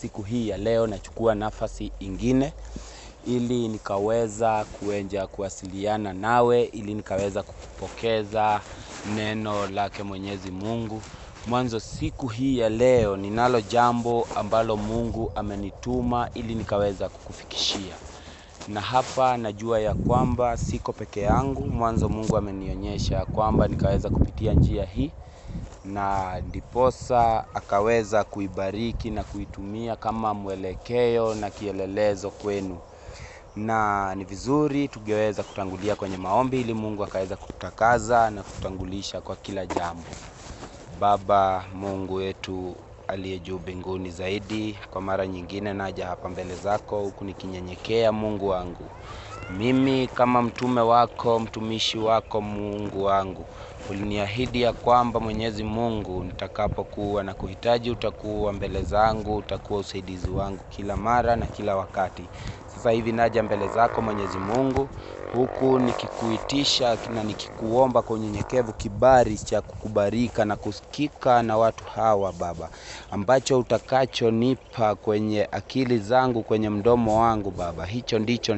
siku hii ya leo nachukua nafasi ingine ili nikaweza kuenja kuwasiliana nawe, ili nikaweza kukupokeza neno lake Mwenyezi Mungu. Mwanzo siku hii ya leo ninalo jambo ambalo Mungu amenituma ili nikaweza kukufikishia, na hapa najua ya kwamba siko peke yangu. Mwanzo Mungu amenionyesha kwamba nikaweza kupitia njia hii na ndiposa akaweza kuibariki na kuitumia kama mwelekeo na kielelezo kwenu na ni vizuri tungeweza kutangulia kwenye maombi ili Mungu akaweza kutakaza na kutangulisha kwa kila jambo. Baba Mungu wetu aliye juu mbinguni zaidi, kwa mara nyingine naja hapa mbele zako huku nikinyenyekea Mungu wangu. Mimi kama mtume wako, mtumishi wako, Mungu wangu, uliniahidi ya kwamba Mwenyezi Mungu, nitakapokuwa na kuhitaji, utakuwa mbele zangu, utakuwa usaidizi wangu kila mara na kila wakati sasa hivi naja mbele zako Mwenyezi Mungu, huku nikikuitisha na nikikuomba kwa unyenyekevu kibari cha kukubarika na kusikika na watu hawa Baba, ambacho utakachonipa kwenye akili zangu, kwenye mdomo wangu Baba, hicho ndicho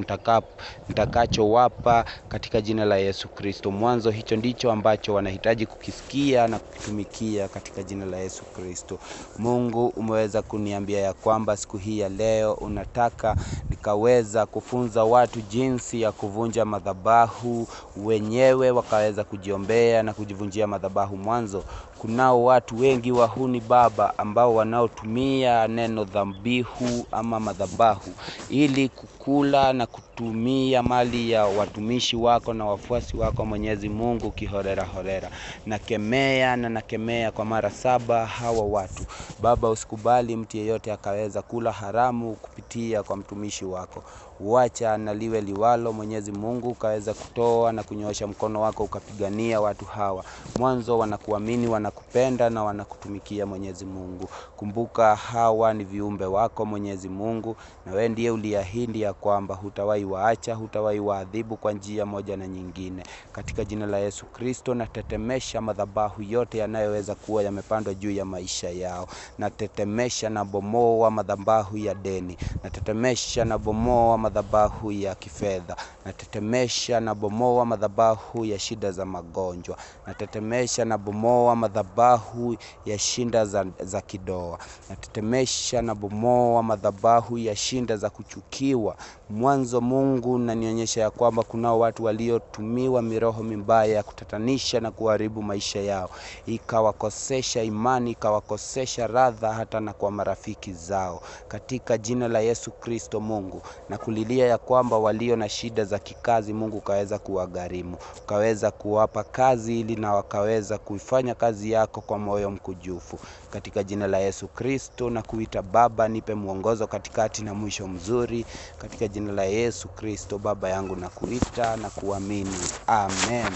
nitakachowapa katika jina la Yesu Kristo. Mwanzo hicho ndicho ambacho wanahitaji kukisikia na kukitumikia katika jina la Yesu Kristo. Mungu, umeweza kuniambia ya kwamba siku hii ya leo unataka nikawe wakaweza kufunza watu jinsi ya kuvunja madhabahu wenyewe, wakaweza kujiombea na kujivunjia madhabahu. Mwanzo kunao watu wengi wahuni baba, ambao wanaotumia neno dhabihu ama madhabahu ili kukula na kutumia mali ya watumishi wako na wafuasi wako, Mwenyezi Mungu kiholela holela. Nakemea na nakemea kwa mara saba hawa watu Baba, usikubali mtu yeyote akaweza kula haramu kupitia kwa mtumishi wako wacha na liwe liwalo. Mwenyezi Mungu ukaweza kutoa na kunyoosha mkono wako ukapigania watu hawa, mwanzo wanakuamini, wanakupenda na wanakutumikia. Mwenyezi Mungu, kumbuka hawa ni viumbe wako Mwenyezi Mungu, na wewe ndiye uliahidi ya kwamba hutawahi waacha, hutawahi waadhibu kwa njia moja na nyingine. Katika jina la Yesu Kristo, natetemesha madhabahu yote yanayoweza kuwa yamepandwa juu ya maisha yao, natetemesha na bomoa madhabahu ya deni, natetemesha na bomoa bomoa madhabahu ya kifedha, natetemesha na bomoa madhabahu ya shida za magonjwa, natetemesha na bomoa madhabahu ya shinda za, za kidoa, natetemesha na bomoa madhabahu ya shinda za kuchukiwa mwanzo Mungu nanionyesha ya kwamba kunao watu waliotumiwa miroho mibaya ya kutatanisha na kuharibu maisha yao, ikawakosesha imani, ikawakosesha radha hata na kwa marafiki zao, katika jina la Yesu Kristo. Mungu na kulilia ya kwamba walio na shida za kikazi, Mungu ukaweza kuwagharimu, ukaweza kuwapa kazi ili na wakaweza kuifanya kazi yako kwa moyo mkujufu, katika jina la Yesu Kristo, na kuita Baba, nipe mwongozo katikati na mwisho mzuri, katika jina jina la Yesu Kristo Baba yangu na kuita na kuamini. Amen.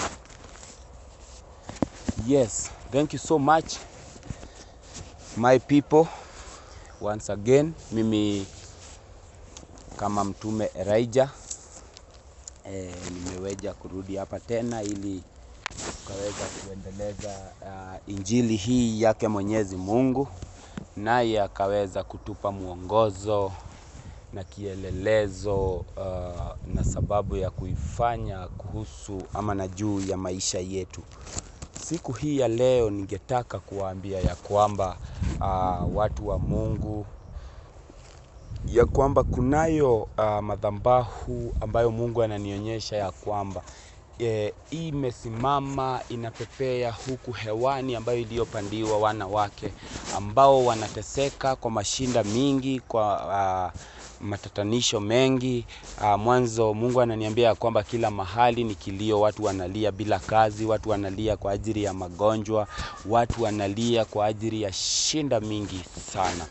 Yes, thank you so much my people. Once again, mimi kama mtume eraija e, eh, nimeweja kurudi hapa tena ili tukaweza kuendeleza uh, injili hii yake Mwenyezi Mungu, naye akaweza kutupa mwongozo na kielelezo uh, na sababu ya kuifanya kuhusu ama na juu ya maisha yetu. Siku hii ya leo ningetaka kuwaambia ya kwamba uh, watu wa Mungu ya kwamba kunayo uh, madhabahu ambayo Mungu ananionyesha ya kwamba e, imesimama inapepea huku hewani, ambayo iliyopandiwa wanawake ambao wanateseka kwa mashinda mingi kwa uh, matatanisho mengi. Ah, mwanzo Mungu ananiambia kwamba kila mahali ni kilio, watu wanalia bila kazi, watu wanalia kwa ajili ya magonjwa, watu wanalia kwa ajili ya shinda mingi sana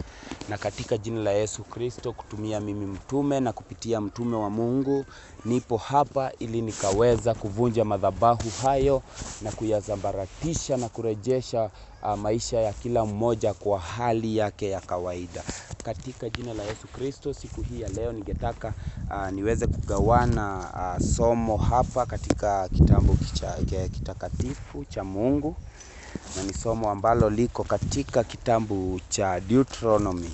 na katika jina la Yesu Kristo kutumia mimi mtume na kupitia mtume wa Mungu, nipo hapa ili nikaweza kuvunja madhabahu hayo na kuyasambaratisha na kurejesha ah, maisha ya kila mmoja kwa hali yake ya kawaida katika jina la Yesu Kristo. Siku hii ya leo ningetaka uh, niweze kugawana uh, somo hapa katika kitabu kitakatifu cha Mungu na ni somo ambalo liko katika kitabu cha Deuteronomy.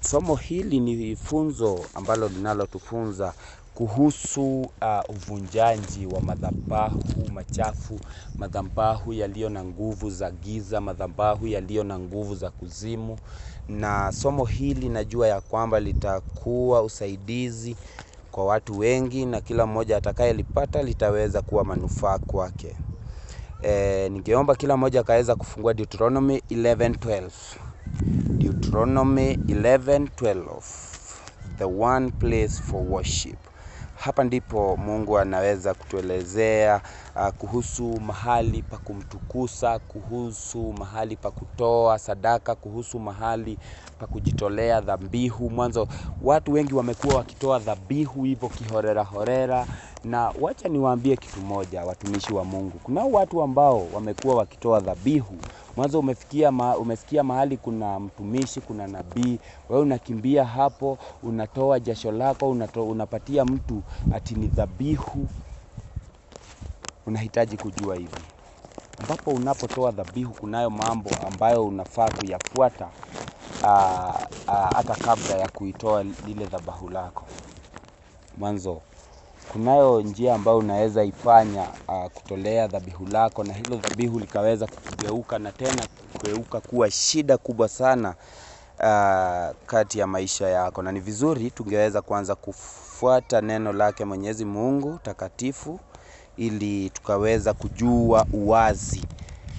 Somo hili ni funzo ambalo linalotufunza kuhusu uh, uvunjaji wa madhabahu machafu, madhabahu yaliyo na nguvu za giza, madhabahu yaliyo na nguvu za kuzimu. Na somo hili najua ya kwamba litakuwa usaidizi kwa watu wengi, na kila mmoja atakayelipata litaweza kuwa manufaa kwake e, ningeomba kila mmoja akaweza kufungua Deuteronomy 11:12. Deuteronomy 11:12. The one place for worship. Hapa ndipo Mungu anaweza kutuelezea uh, kuhusu mahali pa kumtukusa, kuhusu mahali pa kutoa sadaka, kuhusu mahali pa kujitolea, dhabihu. Mwanzo watu wengi wamekuwa wakitoa dhabihu hivyo kihorera horera, na wacha niwaambie kitu moja, watumishi wa Mungu, kunao watu ambao wamekuwa wakitoa dhabihu mwanzo umefikia ma, umesikia mahali kuna mtumishi, kuna nabii, wewe unakimbia hapo, unatoa jasho lako, unato, unapatia mtu ati ni dhabihu. Unahitaji kujua hivi, ambapo unapotoa dhabihu, kunayo mambo ambayo unafaa kuyafuata hata kabla ya kuitoa lile dhabahu lako. Mwanzo kunayo njia ambayo unaweza ifanya uh, kutolea dhabihu lako na hilo dhabihu likaweza kugeuka na tena kugeuka kuwa shida kubwa sana uh, kati ya maisha yako, na ni vizuri tungeweza kuanza kufuata neno lake Mwenyezi Mungu takatifu ili tukaweza kujua uwazi.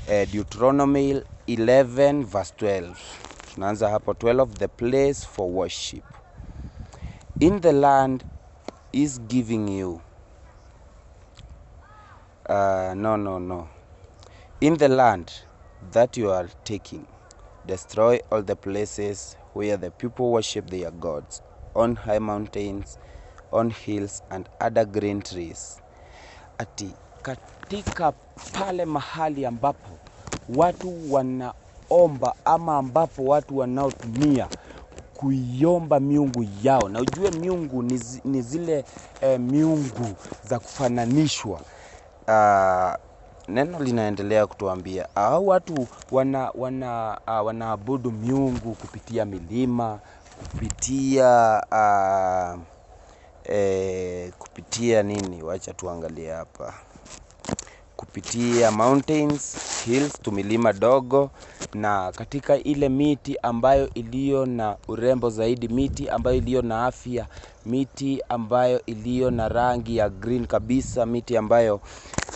Uh, Deuteronomy 11 verse 12 tunaanza hapo 12 the place for worship in the land is giving you uh, no no no in the land that you are taking destroy all the places where the people worship their gods on high mountains on hills and other green trees ati katika pale mahali ambapo watu wana wanaoomba ama ambapo watu wanaotumia kuiomba miungu yao, na ujue miungu ni, ni zile eh, miungu za kufananishwa. Uh, neno linaendelea kutuambia au watu wana, wana, uh, wanaabudu miungu kupitia milima kupitia uh, eh, kupitia nini, wacha tuangalie hapa, kupitia mountains hills, tumilima dogo na katika ile miti ambayo iliyo na urembo zaidi, miti ambayo iliyo na afya, miti ambayo iliyo na rangi ya green kabisa, miti ambayo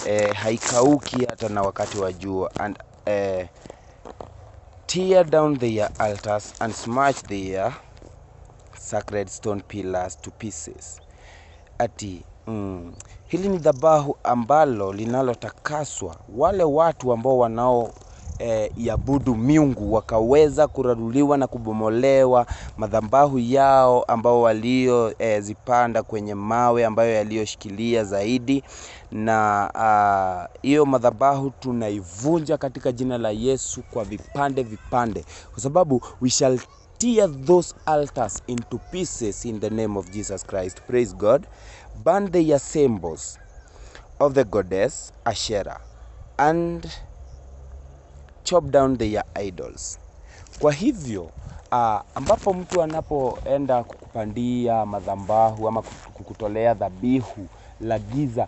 eh, haikauki hata na wakati wa jua and eh, tear down the altars and smash the sacred stone pillars to pieces. Ati mm, hili ni dhabahu ambalo linalotakaswa, wale watu ambao wanao eh, iabudu miungu, wakaweza kuraruliwa na kubomolewa madhambahu yao ambao waliozipanda eh, kwenye mawe ambayo yaliyoshikilia zaidi na ah, hiyo uh, madhabahu tunaivunja katika jina la Yesu kwa vipande vipande, kwa sababu we shall tear those altars into pieces in the name of Jesus Christ. Praise God. Burn the assembles of the goddess Ashera and chop down their idols. Kwa hivyo uh, ambapo mtu anapoenda kukupandia madhambahu ama kukutolea dhabihu la giza,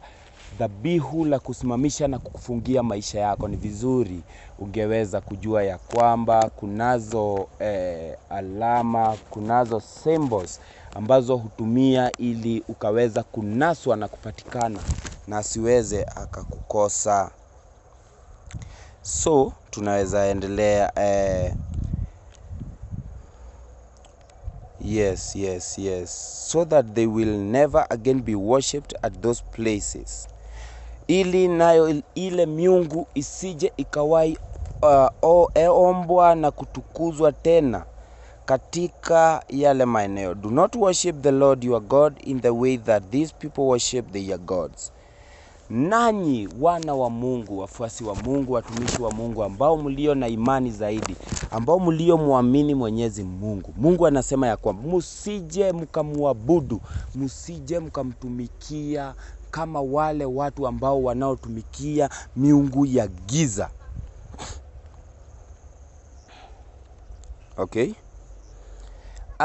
dhabihu la kusimamisha na kukufungia maisha yako, ni vizuri ungeweza kujua ya kwamba kunazo eh, alama, kunazo symbols ambazo hutumia ili ukaweza kunaswa na kupatikana na asiweze akakukosa so tunaweza endelea eh, yes yes yes so that they will never again be worshipped at those places ili nayo ile miungu isije ikawai uh, e, ombwa na kutukuzwa tena katika yale maeneo do not worship the lord your god in the way that these people worship their gods nanyi wana wa Mungu, wafuasi wa Mungu, watumishi wa Mungu, ambao mlio na imani zaidi, ambao mliomwamini Mwenyezi Mungu. Mungu anasema ya kwamba msije mkamwabudu, msije mkamtumikia kama wale watu ambao wanaotumikia miungu ya giza. Okay.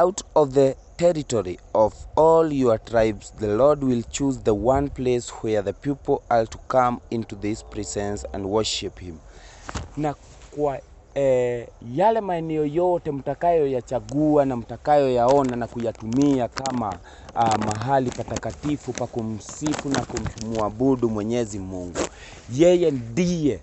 Out of the territory of all your tribes, the Lord will choose the one place where the people are to come into this presence and worship him. Na kwa eh, yale maeneo yote mtakayoyachagua na mtakayoyaona na kuyatumia kama uh, mahali patakatifu pa kumsifu na kumwabudu Mwenyezi Mungu, yeye ndiye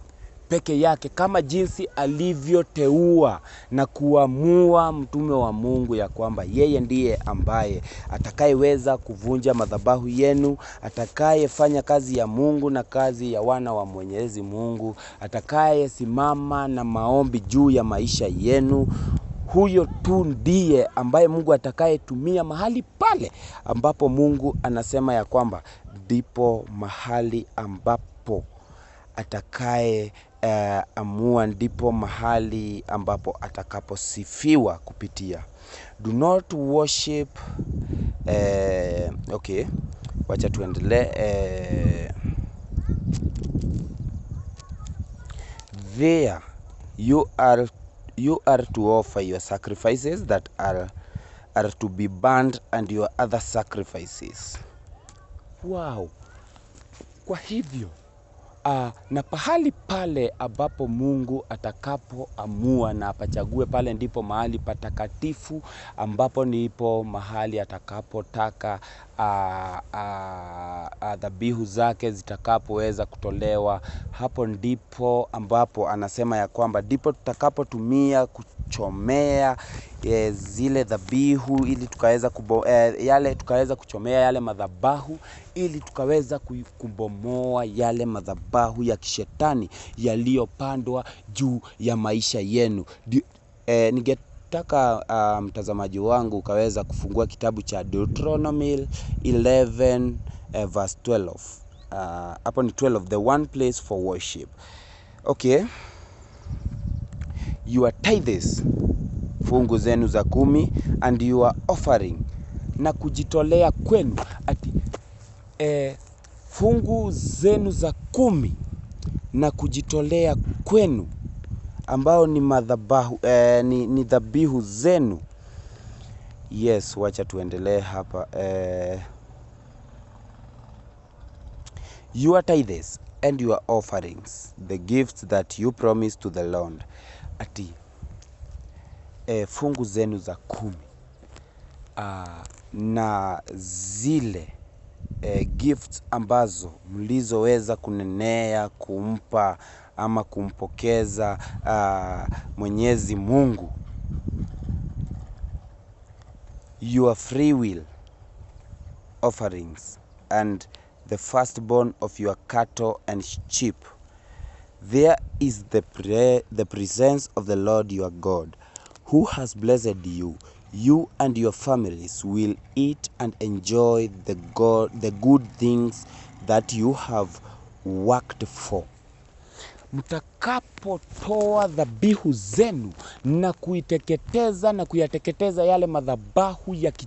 peke yake kama jinsi alivyoteua na kuamua mtume wa Mungu ya kwamba yeye ndiye ambaye atakayeweza kuvunja madhabahu yenu, atakayefanya kazi ya Mungu na kazi ya wana wa Mwenyezi Mungu, atakayesimama na maombi juu ya maisha yenu. Huyo tu ndiye ambaye Mungu atakayetumia mahali pale ambapo Mungu anasema ya kwamba ndipo mahali ambapo atakaye eh, amua ndipo mahali ambapo atakaposifiwa kupitia do not worship eh, okay wacha tuendelee eh, there you are, you are to offer your sacrifices that are, are to be burned and your other sacrifices wow kwa hivyo Uh, na pahali pale ambapo Mungu atakapoamua na apachague, pale ndipo mahali patakatifu ambapo ndipo mahali atakapotaka dhabihu zake zitakapoweza kutolewa. Hapo ndipo ambapo anasema ya kwamba ndipo tutakapotumia kuchomea e, zile dhabihu ili tukaweza kubo, e, yale tukaweza kuchomea yale madhabahu ili tukaweza kubomoa yale madhabahu ya kishetani yaliyopandwa juu ya maisha yenu. Di, e, nataka uh, ah, mtazamaji wangu ukaweza kufungua kitabu cha Deuteronomy 11 uh, eh, verse 12 ah, hapo uh, ni 12 the one place for worship okay your tithes fungu zenu za kumi and your offering na kujitolea kwenu ati eh, fungu zenu za kumi na kujitolea kwenu ambao ni madhabahu eh, ni, ni dhabihu zenu. Yes, wacha tuendelee hapa eh, your tithes and your offerings the gifts that you promise to the Lord, ati eh, fungu zenu za kumi uh, na zile eh, gifts ambazo mlizoweza kunenea kumpa ama kumpokeza uh, Mwenyezi Mungu. Your free will offerings and the firstborn of your cattle and sheep. There is the, pre the presence of the Lord your God, who has blessed you. You and your families will eat and enjoy the, God, the good things that you have worked for mtakapotoa dhabihu zenu na kuiteketeza na kuyateketeza yale madhabahu ya